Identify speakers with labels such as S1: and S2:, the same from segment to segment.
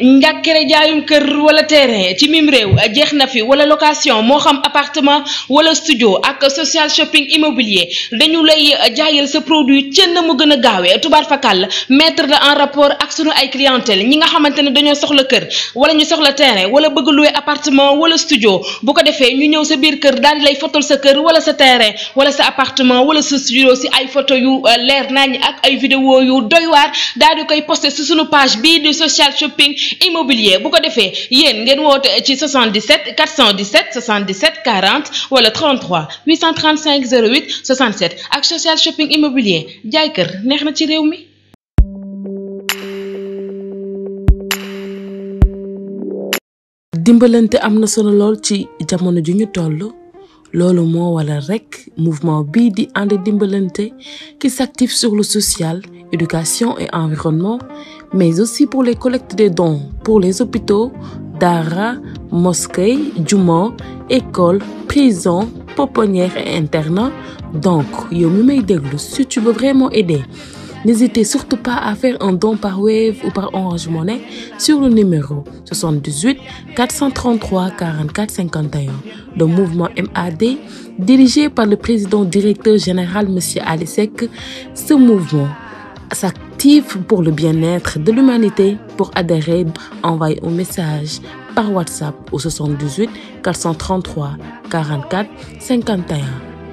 S1: njàkkere jaayum keur wala terrain ci mim réew jeex fi wala location Moham xam appartement wala studio ak social shopping immobilier dañu lay jaayel sa produit cën na mu gëna gaawé tubar fakal mettre en rapport ak suñu ay clientèle ñi nga xamante ne dañoo soxla keur wala ñu soxla terrain wala bëgg louer appartement wala studio bu ko défé ñu ñëw sa biir keur dal di lay fotol sa keur wala sa terrain wala sa appartement wala sa studio ci ay photo yu euh, leer nañ ak ay vidéo yu doy waar dal di koy posté ci suñu page bi du social shopping immobilier beaucoup ko faits. Yen ngeen woote 77 417 77 40 wala 33 835 08 67 ak social shopping immobilier Diaker, kër ce pas ci réew mi. dimbalante am na solo ci jamono ju ñu tollu wala rek mouvement bi di and qui s'active sur le social éducation et environnement mais aussi pour les collectes de dons pour les hôpitaux, dara, mosquées, jumeaux, écoles, prisons, pouponnières et internats. Donc, si tu veux vraiment aider, n'hésitez surtout pas à faire un don par Wave ou par Orange Money sur le numéro 78 433 44 51 Le mouvement MAD dirigé par le président directeur général M. Alisek, Ce mouvement, sa pour le bien-être de l'humanité. Pour adhérer, envoyez un message par WhatsApp au 78 433 44 51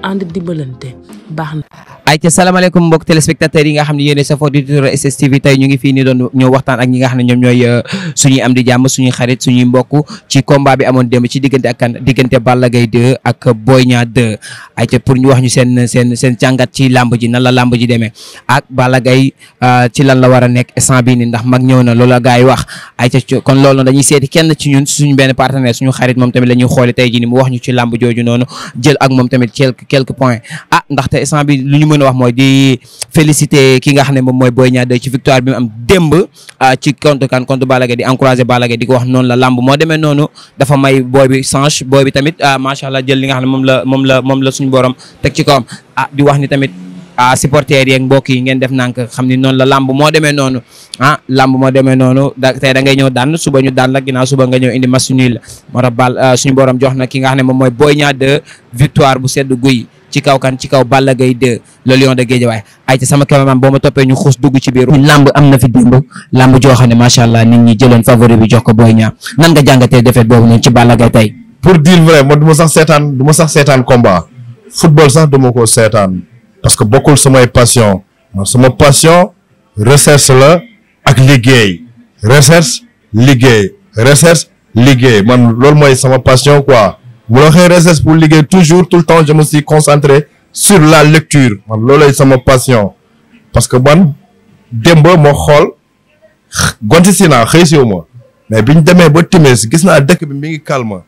S1: en Dibolente, Barne.
S2: ay ca salaamaaleykum mbokk téléspectateurs yi nga xam ne ñu ngi fii ni doon ñëw waxtaan ak ñi nga xam ne ñooy euh, suñuy am di jàmm suñu xarit suñuy mbokk ci combat bi amoon démb ci diggante ak kan diggante Balla Gaye ak Boy Niang 2 ay pour ñu wax ñu seen seen seen jàngat ci làmb ji nan la làmb ji demee ak Balla Gaye euh, ci lan la war a nekk instant bii nii ndax mag ñëw na loolu la gars yi wax ay ca kon loolu dañuy seeti kenn ci ñun suñu benn partenaire suñu xarit moom tamit lañuy ñuy xooli tey ji ni mu wax ñu ci làmb jooju noonu jël ak moom tamit quelques quelques points ah ndaxte instant lu ñu mën mën wax mooy di féliciter ki nga xam ne moom mooy booy Niang 2 ci victoire bi am démb ah, ci contre kan contre Balla Gaye di encourager Balla di ko wax noonu la lamb moo demee noonu dafa may booy bi change booy bi tamit ah, macha allah jël li nga xam ne moom la moom la moom la suñu borom teg ci kawam ah di wax ni tamit ah supporters yeeg mbokk yi ngeen def nank xam ni noonu la làmb moo demee noonu ah làmb moo demee noonu da tey ñëw daan suba ñu daan la ginnaaw suba nga ñëw indi match nul la moo Bal ah, suñu borom jox na ki nga xam ne moom mooy Boy Niang 2 victoire bu sedd guy ci kaw kan ci kaw Balla gay 2 le lion de Guédiawaye ay ci sama cameraman boo ma toppee ñu xuus dugg ci biir lamb am na fi démb lamb joo xam ne macha allah nit ñi jëloon favori
S3: bi jox ko Boy Niang nan nga jàngatee défaite boobu noonu ci Balla Gaye tey pour dire vrai man du ma sax seetaan du ma sax seetaan combat football sax du ma ko seetaan parce que bokkul samay passion sama passion recherche la ak liggéey recherche liggéey recherche liggéey man loolu mooy sama passion quoi Vous waxee recherche pour liguer toujours tout le temps je me suis concentré sur la lecture man loolay sama passion parce que man démb ma xool gonti si naa xëy siwu ma mais bi ñu demee ba timis gis naa dëkk bi mi ngi calme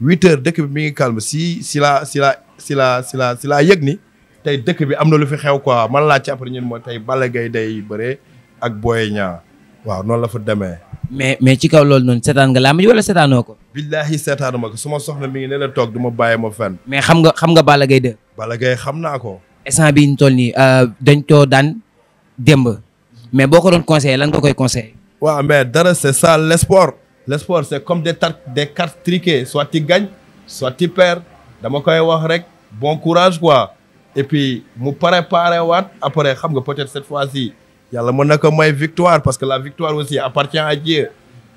S3: huit heures dëkk bi mi ngi calme si si la si la si la si la si la yegni, ni tey dëkk bi amna lu fi xew quoi man la ci après ñun mooy tay Balla Gaye day béré ak Boy Niang waaw la fa démé mais mais
S2: ci kaw loolu noonu seetaan nga làmb ji wala seetaanoo ko.
S3: billaahi seetaanuma ko su ma soxla mi ngi ne la toog du ma bàyyi ma fenn. mais xam
S2: nga xam nga Balla Gaye 2.
S3: Balla Gaye xam naa ko.
S2: instant bi ñu toll nii euh, dañ koo daan
S3: démb mais boo
S2: ko doon conseillé lan nga koy conseillé.
S3: waaw mais dara c'est ça le sport. c'est comme des tar des cartes truquées. soit tu gagnes soit tu perds dama koy wax rek bon courage quoi et puis mu préparé waat après xam nga peut-être cette fois-ci yalla mo na moy victoire parce que la victoire aussi appartient à Dieu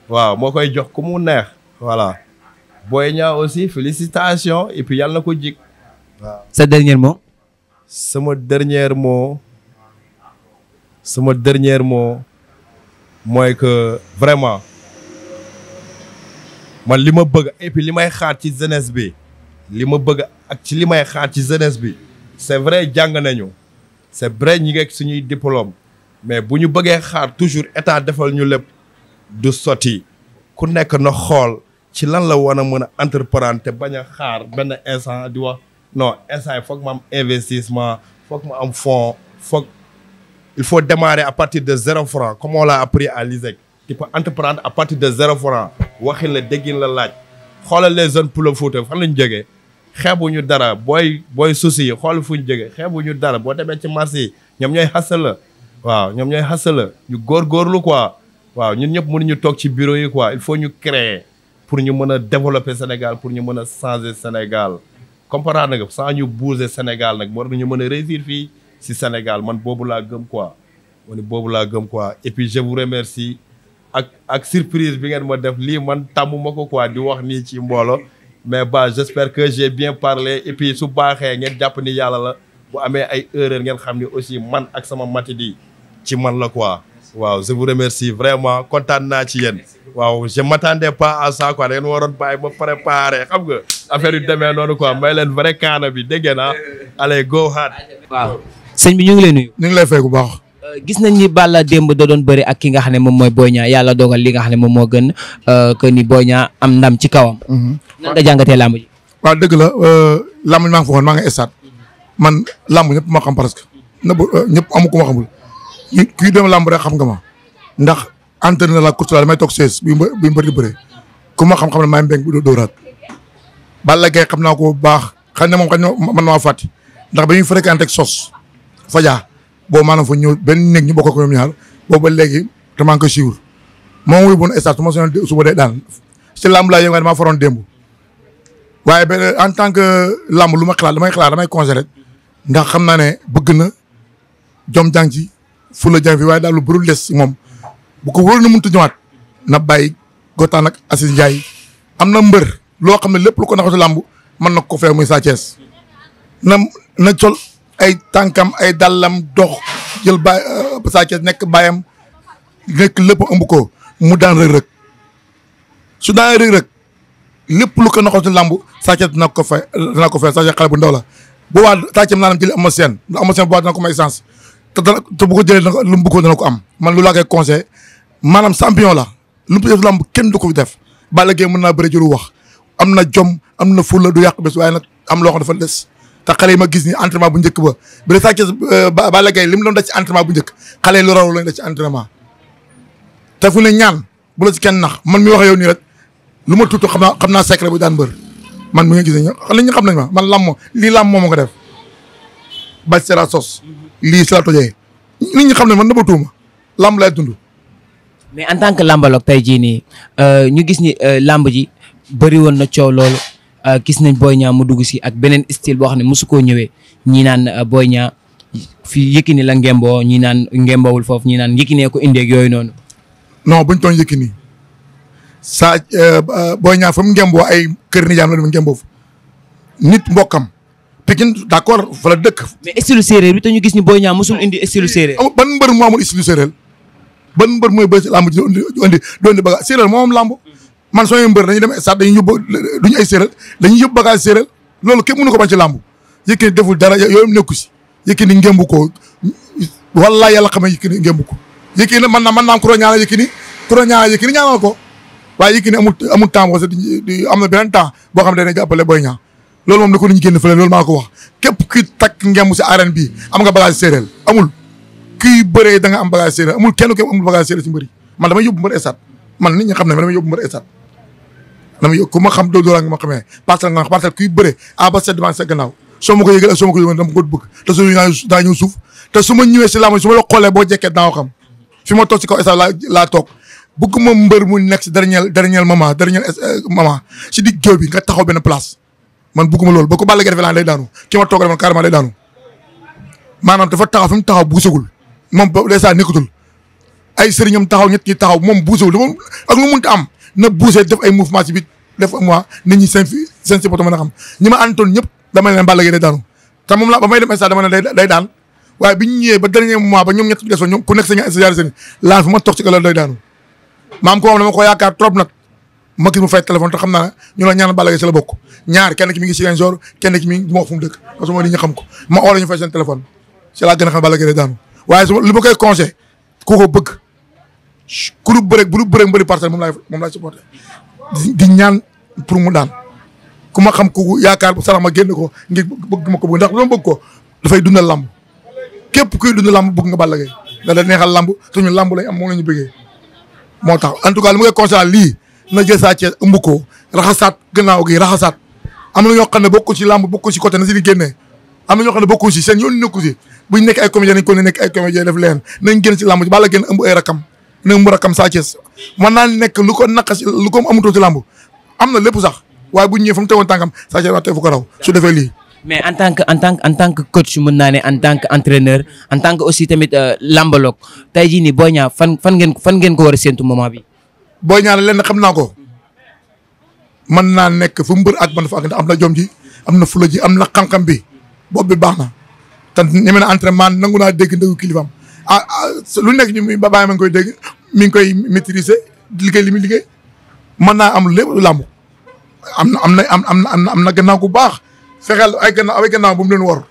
S3: waaw mo koy jox ku mu neex voilà Boy aussi félicitations et puis yàlla na ko jig waaw sa dernier mot sama dernier mot sama dernier mot moy que vraiment man li ma bëgg et puis li may xaar ci jeunesse bi li ma bëgg ak ci li may xaar ci jeunesse bi c'est vrai jang nañu c'est vrai ñi ngeeg suñuy diplôme mais bu ñu bëggee xaar toujours état defal ñu lépp du sotti ku nekk na xool ci lan la war a mën a entreprendre te bañ a xaar benn instant di wax non instant foog mam am investissement foog ma am fonds foog il faut démarrer a partir de zéro franc comme on l'a appris à l'ISEC tu peux entreprendre à partir de zéro franc waxin la déggin la laaj xoolal les jeunes Pula Fouta fan la ñu jógee ñu dara booy booy soucis xool fu ñu jógee ñu dara boo demee ci marché yi ñoom ñooy xasal la waaw ñoom ñooy hasala ñu góorgóorlu quoi waaw ñun ñëpp mënuñu toog ci bureau yi quoi il faut ñu créer pour ñu mën développer Sénégal pour changer Sénégal sans ñu bouger Sénégal nag moo ñu mën Sénégal man boobu gëm quoi et puis je vous remercie ak surprise bi man quoi di wax ci mais bah, j'espère que j'ai bien parlé et puis su baaxee ngeen ni la bu ay aussi man ak matidi ci man la quoi waaw je vous remercie vraiment kontaan naa ci yéen waaw je m'attendais pas à ça quoi a ngeen waroon bàyyi ma préparé xam nga a yu demee noonu quoi may leen vrai kaana bi dégg naa ah? allez go hard. waaw
S4: sëñ bi ñu ngi lay nuyu. ñu ngi lay fay
S2: bu baax. Euh, gis nañ ni Balla démb da doon bëri ak ki nga xam ne moom mooy Boy Niang yàlla dogal li nga xam ne moom moo gën
S4: euh, que ni Boy Niang am ndam ci kawam. Mhm. nan nga jàngatee làmb ji. waaw dëgg la euh, làmb ji maa ngi man làmb ñëpp ma xam presque. nëbb ñëpp amu kii dem lamb rek xam nga ma ndax entraîné na la course la may toog sees bi bi mbër di bëre ku ma xam-xam ne maay mbéng bu dóoraat Balla Gaye xam naa ko bu baax xam ne moom xam na maa ndax ba ñuy fréquenté ak sos fajaa boobu maanaam fa ñëw benn néeg ñu bokk ak ñoom ñaar boobu ba léegi te maa ngi koy suivre moom wuy bon état su ma soxla suba day daan si làmb laa yëngu damaa faroon démb waaye benn en tant que lamb lu ma xalaat damay xalaat damay conseillé rek ndax xam naa ne bëgg na jom jàng ci fula jàng fi waaye daal lu bëri des moom bu ko wóor na mënut a na bàyyi Gotaan ak am na mbër loo xam ne lépp lu ko naxatu làmb mën na ko fee muy Sa na na ay tànkam ay dallam dox jël ba euh, Sa Thiès nekk bàyyam nekk lépp ëmb mu daan rëg-rëg su daan rëg-rëg lépp lu ko naxatu làmb Sa Thiès na ko fay dina ko fay Sa Thiès xale bu ndaw la bu waa Sa naanam jëli ama bu waa dina ko may te dana te bu ko jëlee dana lu mu bëggoon dana ko am man lu laa koy conseil maanaam champion la lu mu def lamb kenn du ko def Balla Gaye mën naa bëri ci wax am na jom am na fulla du yàq bés waaye nag am loo dafa des te xale ma gis ni entraînement bu njëkk ba bi la sàcce Balla Gaye li mu doon def ci entraînement bu njëkk xale yi lu raw te fu ne ñaan bu la kenn nax man mi wax nii rek lu ma tuutu xam naa xam naa secret bu daan mbër man mi nga gis ne ñoom xam nañ ma man lam lii lam moom ko def ba la sos li si laa tojee nit ñi xam ne man nëbbatuuma làmb laay dund. mais en tant que làmbaloog tey jii nii
S2: euh, ñu gis ni euh, làmb ji bëri woon na coow loolu euh, gis nañ Boy Niang mu dugg si ak beneen style boo xam ne mosu koo ñëwee ñii naan Boy Niang fii Yékini la ngemboo ñii naan ngembowul foofu ñii naan Yékinee ko indeeg yooyu noonu.
S4: no buñ tooñ Yékini saa Boy Niang fa mu ngemboo ay kër nijaam la dem ngemboo nit mbokkam pikin d'accord fa la dëkk mais estilu sérère bi te gis ni boy ñaa musul indi estilu sérère ban mbeur mo amul estilu sérère ban mbeur moy bëss lamb indi indi do indi baga sérère mo am lamb man soñu mbeur dañu dem stade dañu yobbu duñu ay sérère dañu baga sérère lolu kep mënu ko bañ ci lamb yëkëni deful dara yoyum nekku ci yëkëni ngembu ko wallahi yalla xamé yëkëni ngembu ko yëkëni man na man na ko ñaanal yëkëni ko ñaanal yëkëni ñaanal ko waye yëkëni amul amul temps bo di amna benen temps bo xam dañu boy loolu moom na ko nit ñi génn fële loolu maa ko wax képp kuy takk ngemb si arène bi am nga bagage séeréer amul kuy bëree da nga am bagage séeréer amul kenn ku amul bagage séeréer si mbëri man damay yóbbu mbër esat man nit ñi xam ne damay yóbbu mbër esat damay yóbbu ku ma xam doo doolaa nga suuf te su ma ñëwee si laamu su ma la xoolee boo jekkee dinaa xam fi ma toog si kaw esat laa laa toog bëgg ma mbër mu nekk si dernier dernier moment dernier eh, moment si digg géew nga taxaw benn place man bëgguma loolu bako ko Balla Gaye defee laa day daanu ki ma toogal man carrément lay daanu manam dafa taxaw fim taxaw buusagul mom ba les saa nekkatul ay sëriñam taxaw ñet ñi taxaw mom buusagul ak lu munta am na buusee def ay mouvement ci bit def ak moi nit ñi seen fi seen si poto mën xam ñima antone ñep dama leen Balla Gaye day daanu te moom laa ba may dem instant dama lay day day daan waaye bi ñu ñëwee ba dernier moment ba ñom ñet ci desoon ñom ku nekk sa ñaari seen laa fi ma tok ci kala lay daanu mam ko am dama ko yaakar trop nak ma gis mu fay téléphone te xam naa ñu la ñaan Balla Gaye sa la bokk ñaar kenn ki mi ngi Ziguinchor kenn ki mi ngi du dëkk parce que mooy li ñu xam ko ma oo la ñu fay seen téléphone si laa gën a xam Balla Gaye daanu waaye su ma koy ko bëgg ku lu bëreeg bu lu bëreeg mbëri parcelle moom laay di ñaan pour mu daan ku ma xam ku yaakaar sarax ma génn ngir bëgg ma ko bëgg ndax lu ma bëgg ko dafay dundal làmb képp kuy dundal làmb bëgg nga Balla Gaye da da neexal làmb te ñu làmb lañ am moom la ñu bëggee moo tax en tout cas li ma koy conseil lii na jël Sa Thiès ëmb ko raxasaat gannaaw gi raxasaat am na ñoo xam ne bokku ci làmb bokku ci côté na si di génne am na ñoo xam bokku ci seen yoon nekku ci buñ nekk ay comédien nañ ko ne nekk ay def leen nañ génn ci làmb bala génn ëmb rakam na ëmb rakam nekk lu ko naq lu ko amutoo ci làmb am na lépp sax waaye bu ñëwee fa mu tegoon tànkam Sa Thiès waa tey fu ko raw su defee lii
S2: mais en tant que en tant que en tant que coach mën tant que entraîneur en tant que aussi tamit euh,
S4: lambaloog tey jii nii Boy fan fan ngeen fan ngeen ko war a séntu moment bi booy leen lenn xam naa ko mën naa nekk fu mbër ak man fa ak ndax am na jom ji am na fula ji am na xam-xam bi bopp bi baax na ta ñeme na entraînement nangu naa dégg ndëgu kilifaam ah, ah lu nekk ñu mi bàyyi ma ngi koy dégg mi ngi koy maîtriser liggéey li muy liggéey naa am lépp lu am na am na am am na am na gannaaw bu baax fexeel ay gannaaw ay gannaaw bu leen wor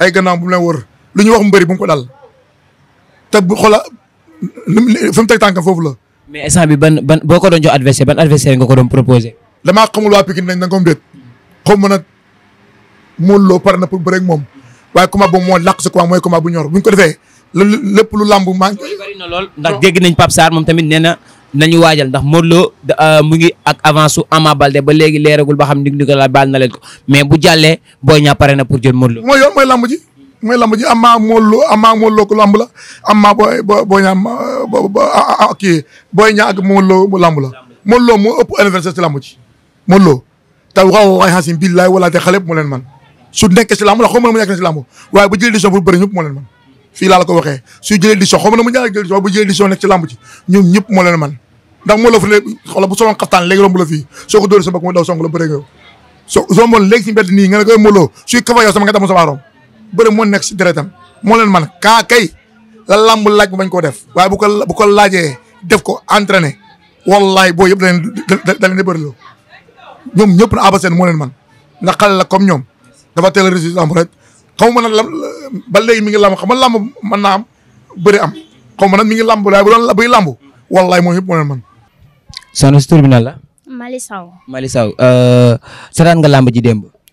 S4: ay gannaaw bum mu leen wor lu ñu wax mbëri bu mu ko dal te bu xoola fu mu teg tànkam foofu la mais instant bi ban ban boo ko doon jox adversaire ban adversaire nga ko doon proposé. damaa xamul waa Pikine nañ nangam déet xaw ma nag Modou Lo pare na pour bëre ak moom waaye combat boobu moo làq si combat mooy bu ñor bu ñu ko defee lépp lu lambu maa ngi. lool ndax dégg nañ Pape Sarr moom tamit nee na nañu waajal ndax Modou Lo
S2: euh, mu ngi ak avance su a Baldé ba léegi leeragul ba xam ni ñu ko la baal na leen ko mais bu jàllee Boy Niang pare na pour jël Modou Lo.
S4: mooy yoon mooy lamb ji amaa moolu amaa moolu ko lamb la amaa booy booy ñaam ah, ah, ah, kii booy ñaa ak moolu mu lamb la moolu loo moo ëpp anniversaire ci lamb ji moolu te waaw waay xaasim billaay man su nekkee si lamb la xaw ma ne mu nekk si lamb waaye bu jëlee man fii laa la ko waxee su jëlee décision xaw ma ne mu ñaar jëlee décision bu jëlee décision leen man ndax la fu ne xoolal bu soloon xaftaan léegi romb la fii soo ko dóoree sa bopp mooy daw song la bëree nga yow so soo moon léegi si mbedd nii nga ne ko bëre mo nekk ci deretam mo leen man ka kay la lamb laaj bu bañ ko def waaye bu ko bu ko laajee def ko entraîné wallahi boo yëpp da leen da leen di bëriloo ñëpp na Abba Sène moo leen man na xal la comme ñom dafa teel a am rek xaw ma lam ba léegi mi ngi lamb xam nga lamb man na am bëri am xaw ma mi ngi lamb waaye bu la buy lamb wallahi mo mo leen man
S2: la euh nga lamb ji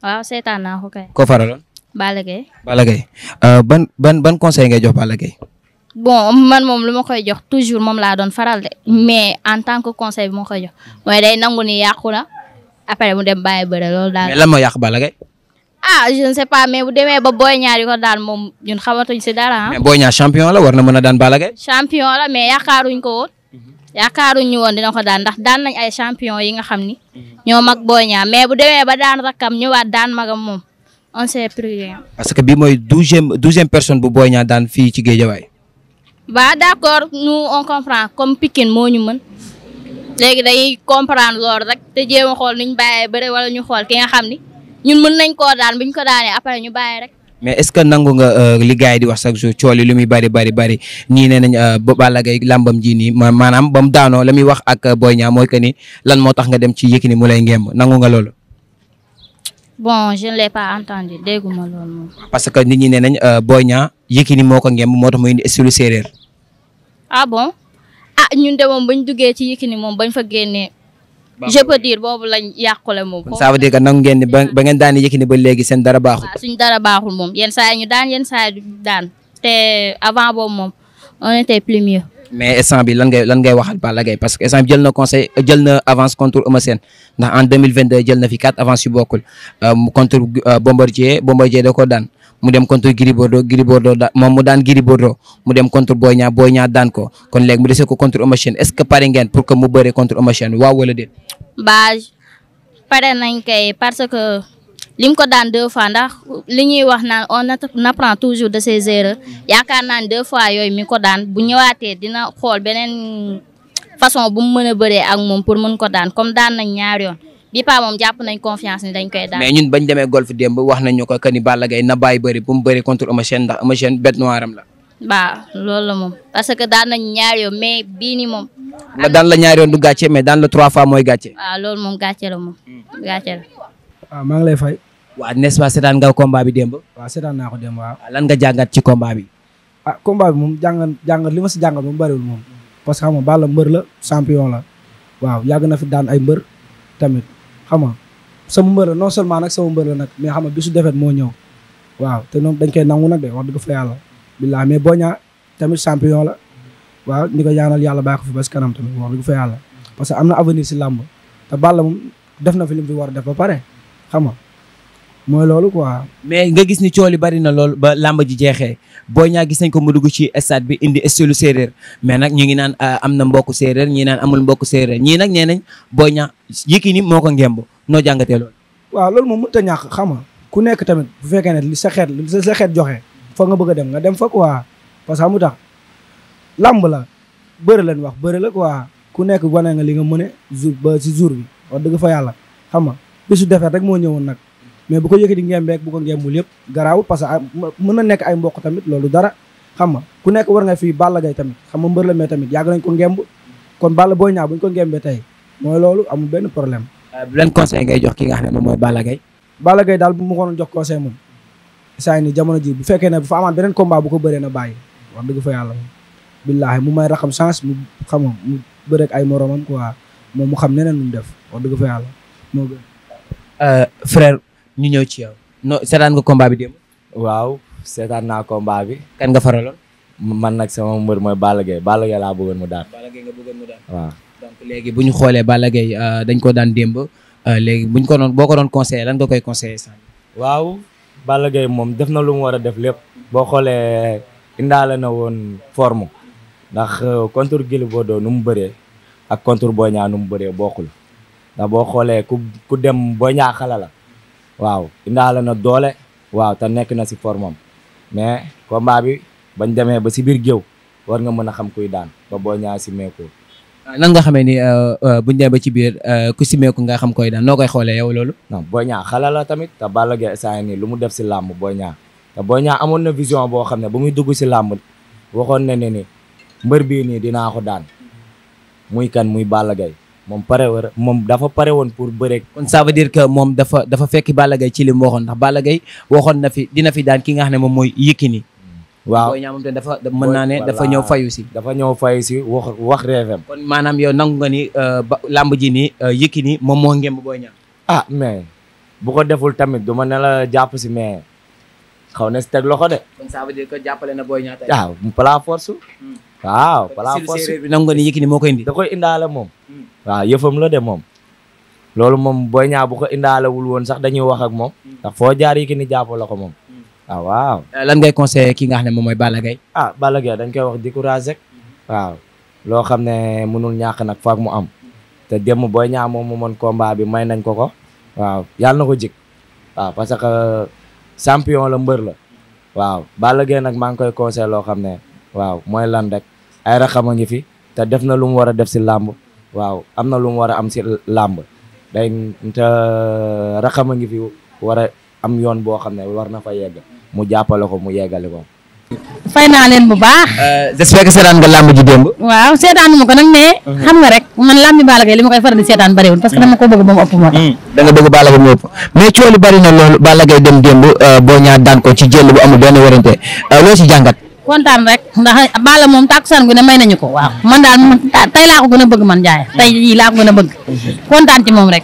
S5: waaw na ko kay ko faralon Balla Gaye.
S2: Balla Gaye euh, ban ban conseil ngay jox Balla
S5: bon man moom lu ma koy jox toujours moom laa doon faral de mais en tant que conseil bi ma koy jox mooy day nangu ni yàqu na après mu dem bàyyi bëre loolu daal. mais lan moo yàq Balla Gaye. ah je pas mais bu demee ba Boy ñaar yi ko daan moom ñun xamatuñ si dara ah. mais
S2: Boy Niang champion la war na mën a daan Balla Gaye.
S5: champion la mais yaakaaruñ ko woon. Mhm. yaakaaruñ ñu woon dina ko daan ndax daan nañ ay champion yi nga xam ni. Mhm. ñoo mag Boy ancien ah, président.
S2: parce que bi mooy douzième douzième personne bu Boy Niang daan fii ci Guédiawaye.
S5: waaw d' accord nous comme pikin moo ñu mën léegi dañuy comprendre loolu rek te jéem a xool nu ñu bàyyee bëre wala ñu xool ki nga xam ni ñun mën nañ koo daan bu ñu ko daanee après ñu bàyyi rek.
S2: mais est ce que nangu nga euh, li gars di wax chaque jour cool yi lu muy bari bari bari ñii nee nañ euh, Balla Gaye làmbam ji nii maanaam ba mu daanoo la muy wax ak euh, Boy Niang mooy que ni lan moo tax nga dem ci Yékini mu lay ngemb nangu nga loolu.
S5: bon je ne l'ai pas entendu dégguma loolu moom.
S2: parce que nit ñi nee nañ euh, Boy Niang Yékini moo ko ngemb moo tax mu indi style séeréer.
S5: a ah bon ah ñun de moom bañ duggee ci Yékini moom bañ fa génnee. je peux dire boobu lañ yàqule moom. kon ça veut
S2: dire que nangu ngeen ba ba ngeen daan Yékini ba léegi seen dara baaxul. waaw
S5: suñ dara baaxul moom yenn saa yi ñu daan yenn saa yi duñ daan te avant boobu moom on était plus
S2: mais instant bi lan ngay lan parce que instant bi conseil jël avance contre Eumeu ndax en 2022 jël na fi quatre avance yu bokkul euh, euh, Bombardier Bombardier da ko daan mu dem contre Gris Bordeaux Gris Bordeaux da moom mu kon léegi mu dese ko est-ce que pare ngeen que mu bëre contre Eumeu wala déet.
S5: ba pare lim ko daan deux fois ndax li ñuy wax naan on apprend toujours de ses erreurs yaakaar naa ne deux fois yooyu mi ko daan bu ñëwaatee dina xool beneen façon bu mu mën a bëree ak moom pour mën ko daan comme daan nañ ñaar yoon bi pa moom jàpp nañ confiance ni dañ koy daan. mais
S2: ñun bañ demee golf démb wax nañ ko que ni Balla Gaye na bàyyi bëri bu mu bëri contre Eumeu Sène ndax Eumeu Sène bête noire am la.
S5: waaw loolu la moom parce que daan nañ ñaar yoon mais bii nii moom.
S2: daan la ñaar yoon du gàcce mais daan la trois fois mooy gàcce.
S5: waaw loolu moom gàcce la moom gàcce
S2: waaw ah, maa ngi lay fay. waa Ness waa seetaan nga combat bi démb. waaw seetaan naa ko démb ah, lan nga jàngat ci combat bi. ah combat bi moom
S6: jàngat jàngat li ma si jàngat moom bëriwul moom. parce que xam nga Balla mbër la champion la. waaw yàgg na fi daan ay mbër tamit xam nga sama non seulement nag sama mbër la nag mais xam nga bisu defet moo ñëw. waaw te ñoom dañ koy nangu nag de wax dëgg fa yàlla. billaahi mais boo ñaa tamit champion la. waaw ñu ko ñaanal yàlla bàyyi ko fi ba si kanam tamit wax dëgg fa yàlla. parce que am na avenir si làmb te Balla moom def na fi lim fi war def ba pare. xam nga mooy loolu
S2: waa mais nga gis ni cool yi bari na lool ba làmb ji jeexee boo ñaa gis nañ ko mu dugg ci stade bi indi stylu séeréer mais nag ñu ngi naan ah, am na mbokku séeréer ñi naan amul mbokku séeréer ñii nag nee nañ boo ñaa ni moo ko ngemb noo jàngatee lool
S6: waaw loolu moom mënut a ñàkk xam ku nekk tamit bu fekkee ne li sa xeet li sa xeet joxe fa nga bëgg a dem nga dem fa quoi parce que amu tax làmb la bëri lañ wax bëri la waa ku nekk wane nga li nga mën a jour ba si jour bi wax dëgg fa yàlla xam nga bisu defet rek mo ñewon nak mais bu ko ngembe ak bu ko ngembul yëpp garawul parce que ah, mëna nek nekk ay mbokk tamit lolu dara xam nga ku nekk war nga fi Balla gay tamit xam nga mbeur la mais tamit yag nañ ko ngemb kon Balla Boy ñaa buñ ko ngembe tay moy lolu amu benn problème
S2: euh, bu len conseil ngay jox ki nga xamne ne moy Balla gay
S6: Balla gay dal bu mu ko doon jox conseil moom say ni jamono ji bu fekke ne bu fa amane benen combat bu ko beure na baye wax deug fa yalla billahi mu may raxam chance mu xam mu bërek ay moromam quoi mom mu xam nenen mu def
S2: wax deug fa yalla mo gën Euh, frère ñu ñëw ci yow no seetaan nga combat bi démb. waaw seetaan naa combat bi. kan nga faraloon. man
S7: nag sama mbër mooy Balla Gaye Balla Gaye laa bëggoon mu daan. waaw
S2: léegi bu ñu xoolee Balla Gaye euh, dañ ko daan démb euh, léegi buñ ko doon boo ko doon conseillé lan nga koy conseillé sànq.
S7: waaw Balla Gaye moom def na lu mu war a def lépp. boo xoolee indaale na woon forme ndax contre Gris Bordeaux nu mu bëree ak contre Boy Niang nu mu bëree bokkul. da bo xolé ku ku dem bo ñaaxala la waaw indaale na doole waaw ta nek na si formam mais combat bi bañ démé ba si bir géew war nga mëna xam kuy daan ba bo ñaa ci meeku
S2: nan ah, nga xamé ni euh, euh, buñ démé ba ci biir euh, ku ci meeku nga xam koy daan nokay xolé yow lolu non
S7: bo la tamit ta Balla ge saa ni lu mu def ci lamb bo ñaa ta bo ñaa amon na vision bo xamné bu muy dugg ci lamb waxon na ne ni mbeur bi ni dina ko daan muy kan muy Balla moom pare
S2: war moom dafa pare woon pour bëre. kon ça veut que moom dafa dafa fekk Balla Gaye ci li mu waxoon ndax Balla Gaye waxoon na fi dina fi daan ki nga xam ne moom mooy yikki ni hmm. waaw booy ñaamante dafa mën naa ne dafa ñëw fayu si. dafa ñëw fayu si wax wax reefam. kon maanaam yow nangu nga ni euh, ba làmb
S7: ji nii euh, Yékini moom moo ngemb booy ñaam. ah mais bu ko deful tamit du ma ne la jàpp si mais. kau na si teg kau deh,
S2: kon ça veut dire que jàppale na booy ñaata. waaw
S7: palaa force. waaw palaa force bi nangu nga ni Yékini moo ko indi. da koy indaale moom. waaw yëfam la de moom. loolu moom booy ñaa bu ko indaalewul woon mom, dañuy wax ak moom. ndax foo jaar
S2: ah waaw. Eh, lan ngay conseillé ki nga xam ne moom mooy Balla
S7: ah Balla Gaye dañ koy wax décourage rek. Hmm. waaw ne mënul ñàkk nag faak mu am. Hmm. te dem booy ñaa moom mu mën combat bi may nañ ko ko. waaw champion la mbër la waaw Balla Gaye nag maa ngi koy conseil loo xam ne waaw mooy lan rek ay raxam a ngi fi te def na lu mu war a def si làmb waaw am na lu mu war a am si làmb day te raxam a ngi fi war a am yoon boo xam ne war na fa yegg mu jàppale ko mu yeggale ko
S1: fay bu baax. Euh,
S2: j'espère que seetaan nga làmb ji démb.
S5: waaw seetaan ma ko nag mais. xam nga rek man làmbi Balla Gaye li ma koy faral di seetaan bëriwul. parce que dama ko bëgg ba mu ëpp moo tax. Hmm.
S2: da nga bëgg Balla Gaye mu ëpp mais coono bëri na loolu Balla Gaye dem démb euh, boo ñaar daan ko ci jël bu amul benn werante euh, loo ci jàngat.
S5: kontaan rek ndax Balla moom tàkkusaan gu ne may nañu ko waaw man daal man tay laa ko gën a bëgg man jaay tay yii laa ko gën bëgg kontaan ci moom rek.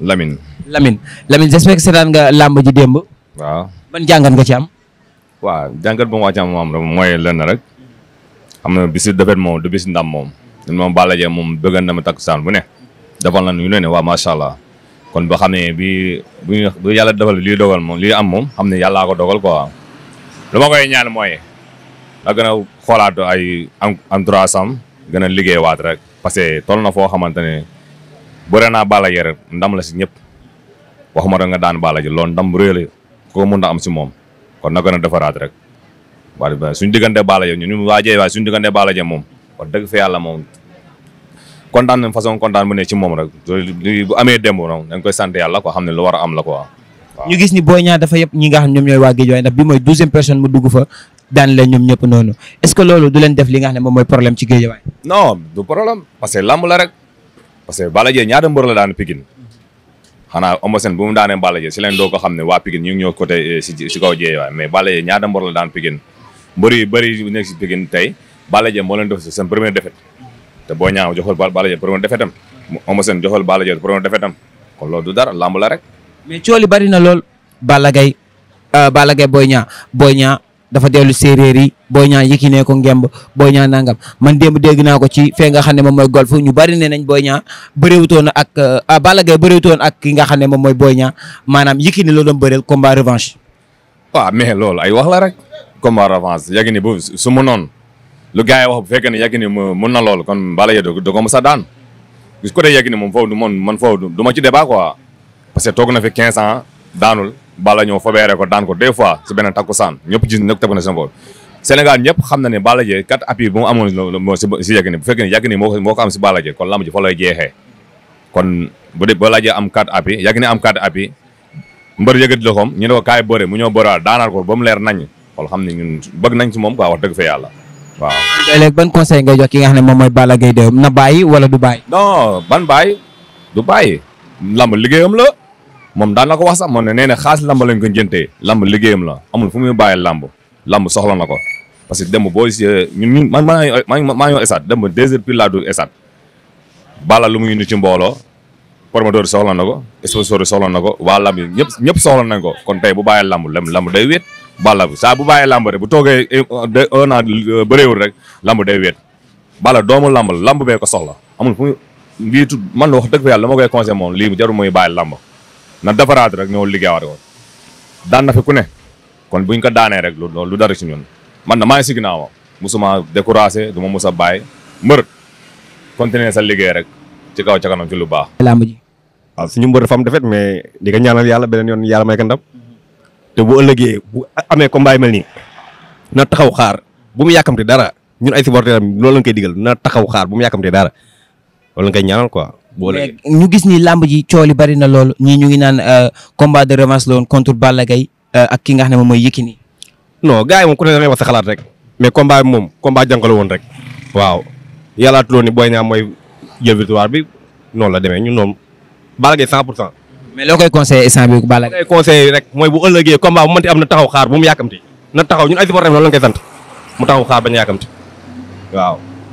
S2: Lamine Lamine Lamine j'espère que c'est nga lamb ji demb waaw ban jàngat nga ci am
S8: waaw jangal bu mo ci am moom moy lenn rek amna bisu defet moom du bisu ndam moom ñun mom balaje mom moom bëggan na ma tak saan bu ne defal na ñu ne wa ma sha allah kon ba xamé bi bi bu yalla yàlla defal dogal moom li am moom xamné yalla ko dogal quoi luma koy ñaan moy da gëna a ay am droit sam gëna liggéey waat rek parce que na bëre naa Balla Gaye ya, ndam la ci ñëpp waxuma da nga daan bala ji loolu ndam bu ko mu na am si moom kon na gëna defaraat rek bari ba suñu digënde bala Gaye ñu waa Jeey waaye suñu diggante Balla Gaye moom wax dëgg fa yàlla moom kontaan na façon kontaan mu ne ci mom rek bu amé démb noonu dañ koy sante yalla ko xam lu wara am la quoi.
S2: ñu gis ni Boy Niang dafa yëpp ñi nga xam ñom ñoy waa joy ndax bi moy 12e personne mu dugg fa daan la ñom ñep nonu est-ce que lolu du leen def li nga xam ne mom moy problème ci Guédiawaye.
S8: non du problème parce que lamb la rek parce que Balla Gaye ñaata mbër la daan Pikine xanaa Eumeu Sène bu mu daanee si leen doo ko xam ne waa Pikine ñu ñoo côté eh, si si kaw jéey mais Balla Gaye ñaata mbër la daan Pikine mbër nekk si Pikine tey Balla Gaye moo leen def seen première défaite te Boy Niang joxul Balla Gaye première défaite am Eumeu Sène joxul Balla Gaye première kon loolu du dara lamb rek
S2: mais cooli bari lool Balla Gaye euh, Balla dafa dellu séeréer yi Boy Niang Yékini ko ngemb Boy Niang nangam man démb dégg naa ko ci fee nga xam ne moom mooy golf ñu bari ne nañ Boy Niang bëriwutoon ak euh, ah Balla Gaye bëriwutoon ak ki nga xam ne moom mooy Boy Niang maanaam Yékini la doon bëreel combat revanche.
S8: waaw mais loolu ay wax la rek. combat revanche Yékini bu su mu noonu lu gars yi wax bu fekkee ne Yékini mu mun na lool kon Balla Gaye da ko mës a daan gis ko de Yékini moom foofu du man man foofu du ma ci débat quoi parce que toog na fi 15 ans daanul. Balla ñëw fobeere ko daan ko deux fois si benn takkusaan ñëpp gis ñëpp teg na seen bopp Sénégal ñëpp xam na ne Balla Dieye kat appui mu amoon si yàgg bu fekkee ne moo ko am si Balla Dieye kon lamb ji fa lay kon bu dee am quatre appui yàgg ni am quatre appui mbër ko kaay bëre mu ñëw bëraal daanaat ko ba mu leer nañ xool xam ne ñun nañ si moom quoi dëgg fa yàlla waaw.
S2: ban conseil ngay jox ki nga xam moom mooy Balla Gaye de na bàyyi wala du bàyyi.
S8: non moom daan na ko wax sax moom ne nee na xaalis lamb lañ ko jëntee lamb liggéeyam la amul fu muy bàyyi lamb lamb soxla na ko parce que demb boo ñun man maa ngi maa ngi esaat demb deux heures pile laa du esaat bala lu muy indi ci mbooloo promoteur yi soxla na ko sponsor yi soxla na ko waa lamb yi ñëpp ñëpp soxla nañ ko kon tey bu bàyyi lamb lamb day wéet bala bi saa bu bàyyi lamb rek bu toogee un an euh, bëreewul rek lamb day wéet bala doomu lamb lamb bee ko soxla amul fu muy lii man la wax dëgg fa yàlla ma koy conseillé moom lii jarul muy bàyyi lamb na defaraat rek ñëw liggéeyaat ko daan na fi ku ne kon buñ ko daanee rek lu lu dara ci ñun man na maa ngi si ginnaawam musuma découragé du ma mus a bàyyi mbër continuer sa liggéey rek ci kaw ca kanam ci lu baax. làmb ji waaw suñu mbër dafa am defet mais di nga ñaanal yàlla beneen yoon yàlla may ko te bu ëllëgee bu amee combat yi mel nii na taxaw xaar bu mu yàkkamte dara ñun ay supporters am loolu lañ koy digal na taxaw xaar bu mu yàkkamte dara loolu lañ koy ñaanal quoi. mais
S2: ñu gis ni làmb ji coow li bari na lool ñii ñu ngi naan euh, combat de revanche la woon contre Balla euh,
S8: ak ki nga xam ne moom mooy Yékini. non gars yi moom ku ne da ngay wax sa xalaat rek mais combat bi moom combat jànkala woon rek waaw yàllaa tuloon ni Boy Niang mooy jël victoire bi noonu la demee ñun noonu Balla Gaye 100 pour cent.
S2: mais loo koy conseillé instant bii Balla
S8: Gaye. mooy bu ëllëgee combat bu mënti am na taxaw xaar bu mu yàkkamti na taxaw ñun ay supporters noonu lañ koy sant mu taxaw xaar bañ a yàkkamti waaw.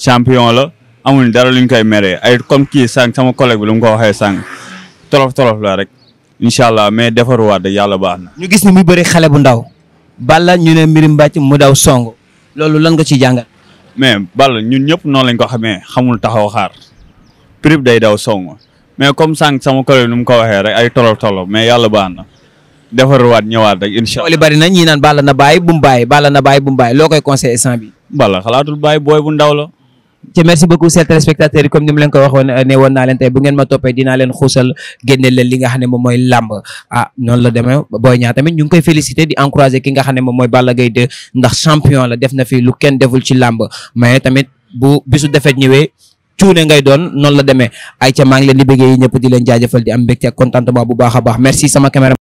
S8: champion la amuñ dara ñu koy meree ay comme kii sànq sama collègue bi lu mu ko waxee sànq tolof tolof la rek incha allah mais defaruwaat rek yàlla baax na.
S2: ñu gis ni mu bëri xale bu ndaw. Balla ñu ne mbirim mbàcc mu daw song loolu lan nga ci jàngat.
S8: mais Balla ñun ñëpp noonu lañ ko xamee xamul taxaw xaar prib day daw song mais comme sànq sama collègue nu mu ko waxee rek ay tolof tolof mais yàlla baax na. defaruwaat ñëwaat rek incha
S2: allah bari na ñii naan Balla na bàyyi bu mu bàyyi Balla na bàyyi mu bàyyi loo koy conseillé instant bi ce merci beaucoup chers téléspectateurs yi comme ni mu leen ko waxoon euh, ne woon naa leen tey bu ngeen ma toppee dinaa leen xuusal génne leen li nga xam ne moom mooy ah noonu la demee Boy Niang tamit ñu ngi koy félicité di encourager ki nga xam ne moom mooy Balla Gaye 2 ndax champion la def na fi lu kenn deful ci làmb mais tamit bu bisu defet ñëwee cuune ngay doon noonu la demee ay ca maa leen di bëggee i ñëpp di leen jaajëfal di am mbégte contentement bu baax a baax merci sama caméra